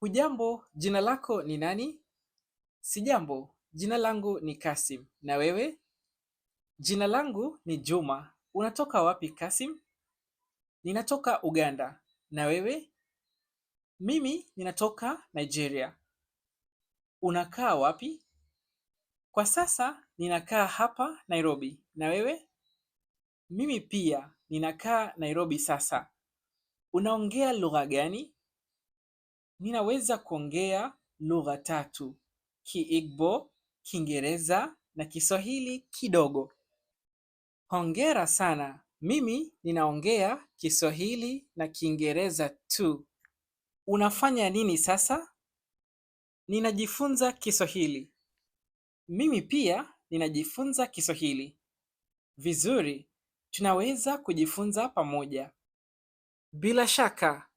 Hujambo, jina lako ni nani? Sijambo, jina langu ni Kasim. Na wewe? Jina langu ni Juma. Unatoka wapi Kasim? Ninatoka Uganda. Na wewe? Mimi ninatoka Nigeria. Unakaa wapi? Kwa sasa ninakaa hapa Nairobi. Na wewe? Mimi pia ninakaa Nairobi sasa. Unaongea lugha gani? Ninaweza kuongea lugha tatu: Kiigbo, Kiingereza na Kiswahili kidogo. Hongera sana. Mimi ninaongea Kiswahili na Kiingereza tu. Unafanya nini sasa? Ninajifunza Kiswahili. Mimi pia ninajifunza Kiswahili. Vizuri, tunaweza kujifunza pamoja. Bila shaka.